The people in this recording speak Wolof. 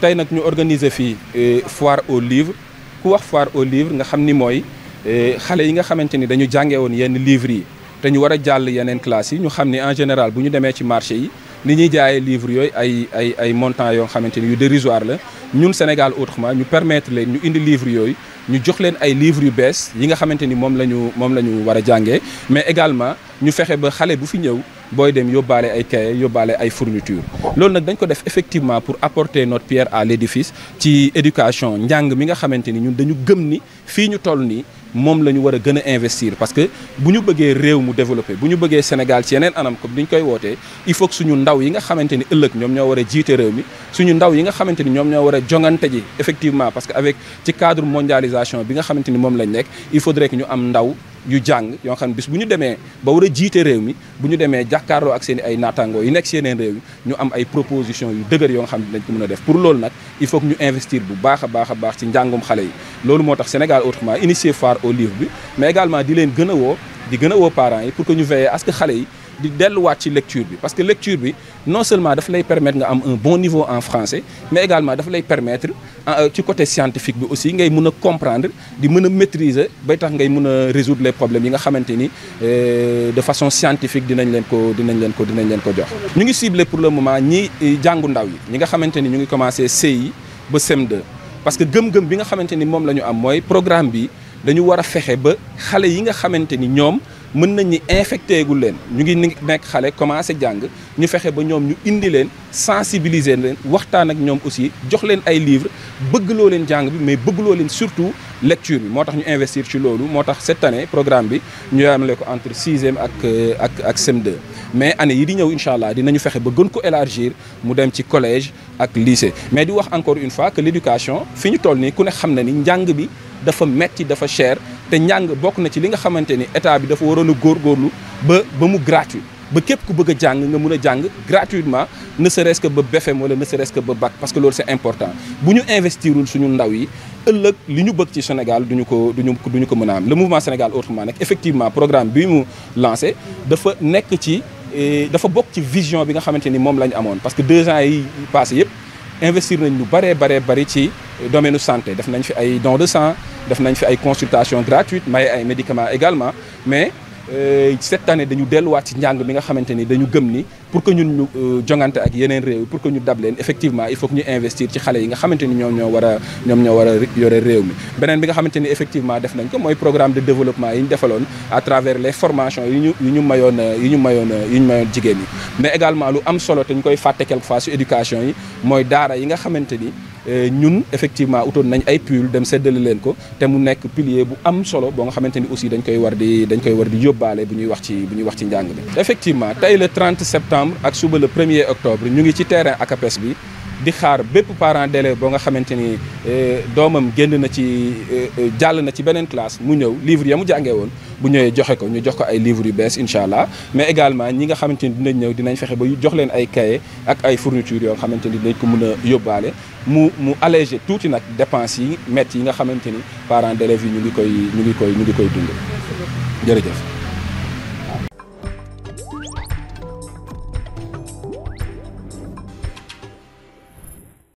tey nag ñu organiser fii eh, foire au livre ku wax foire au livre nga xam ni mooy eh, xale yi nga xamante ni dañu jànge woon yenn livre yi te ñu war jàll yeneen classes yi ñu xam ni en général bu ñu demee ci marché yi ni ñuy jaayee livres yooyu ay ay ay montants yoo xamante ni yu dérisoire la ñun Sénégal autrement ñu permettre leen ñu indi livre yooyu ñu jox leen ay livres yu bees yi nga xamante ni moom la ñu moom la ñu war a jàngee mais également ñu fexe ba xale bu fi ñëw booy dem yóbbaale ay cahier yóbbaale ay fourniture loolu nag dañ ko def effectivement pour apporter notre pierre à l'édifice ci éducation njàng mi nga xamante ni ñun dañu gëm ni fii ñu toll nii moom lañu ñu war a gën a investir parce que bu ñu bëggee réew mu développé bu ñu bëggee Sénégal ci yeneen anam comme ni ñu koy wootee il faut que suñu ndaw yi nga xamante ni ëllëg ñoom ñoo war a jiite réew mi suñu ndaw yi nga xamante ni ñoom ñoo a jongante ji effectivement parce que avec ci cadre mondialisation bi nga xamante ni moom lañ nekk il faudrait que ñu am ndaw yu jàng yoo xam ne bis bu ñu demee ba war a jiite réew mi bu ñu demee jàkkaarloo ak seen i ay naataangoo yi nekk seen yeneen réew yi ñu am ay proposition yu dëgër yoo xam ne dañ ko mun a def pour loolu nag il faut que ñu investir bu baax a baax a baax ci njàngum xale yi loolu moo tax Sénégal autrement initié phare au livre bi mais également di leen gën a woo di gën a woo parents yi pour que ñu veillé à xale yi di delluwaat ci lecture bi parce que lecture bi non seulement daf lay permettre nga am un bon niveau en français mais également daf lay permettre euh, ci côté scientifique bi aussi ngay mun a comprendre di mën a maîtriser bay tax ngay mun a résoudre les problèmes yi nga xamante ni euh, de façon scientifique dinañ leen ko dinañ leen ko dinañ leen ko jox. ñu ngi ciblé pour le moment ñi euh, jàngu yi ñi nga xamante ni ñu ngi commencé CI ba CM2 parce que gëm-gëm bi nga xamante ni moom la ñu am mooy programme bi dañu war a fexe ba xale yi nga xamante ni ñoom. mën nañ ñi infecté gu leen ñu ngi nekk xale commencé jàng ñu fexe ba ñoom ñu indi leen sensibiliser leen waxtaan ak ñoom aussi jox leen ay livre bëgg loo leen jàng bi mais bëggloo leen surtout lecture bi moo tax ñu investir ci loolu moo tax cette année programme bi ñu yamale ko entre sixième ak euh, ak ak cm mais année yi di ñëw incha allah dinañu fexe ba gën ko élargir mu dem ci collège ak lycée mais di wax encore une fois que l'éducation fi ñu toll nii ku ne xam na ni njàng bi dafa metti dafa cher te njàng bokk na ci li nga xamante ni état bi dafa waroon a góorgóorlu ba ba mu gratuit ba képp ku bëgg a jàng nga mun a jàng gratuitement ne serait ba BFEM wala ne serait ba bac parce que loolu c'est important bu ñu investirul suñu ndaw yi ëllëg li ñu bëgg ci Sénégal duñu ko duñu duñu ko mën a am le mouvement Sénégal autrement nag effectivement programme bi mu lancé dafa nekk ci eh, dafa bokk ci vision bi nga xamante ni moom la ñu amoon parce que deux ans yi passé yëpp investir nañ lu baree baree bari ci domaine santé def nañ fi ay don de sang def nañ fi ay consultation gratuite may ay médicaments également mais euh, cette année dañu delluwaat ci njàng mi nga xamante ni dañu gëm ni pour que ñun ñu euh, jongante ak yeneen réew pour que ñu dab leen effectivement il faut que ñu investir ci xale yi nga xamante ni ñoom ñoo war a ñoom ñoo war a yore réew mi beneen bi nga xamante ni effectivement def nañ ko mooy programme de ñu defaloon à travers les formations yi ñu yi ñu mayoon ñu jigéen yi mais également lu am solo te ñu koy fàtte quelque fois su éducation yi mooy daara yi nga xamante ni Euh, ñun effectivement utoon nañ ay pull dem seddale leen ko te mu nekk pilier bu am solo boo nga xamante ni aussi dañ koy war di dañ koy war di yóbbaale bu ñuy wax ci bu ñuy wax ci njàng bi effectivement tey le 30 septembre ak suba le 1er ñu ngi ci terrain pes bi di xaar bépp parent d'élève boo nga xamante ni eh, doomam génn na ci eh, eh, jàll na ci beneen classe mu ñëw livre ya mu jàngee woon bu ñëwee joxe ko ñu jox ko ay livre yu bees incha allah mais également ñi nga xamante ni dinañ ñëw dinañ fexe ba jox leen ay cahier ak ay fournitures yoo xamante ni dinañ ko mën a yóbbaale mu mu alléger tuuti nag dépenses yi métti yi nga xamante ni parents d'élèves yi ñu ngi koy ñu ngi koy ñu ngi koy dund jërëjëf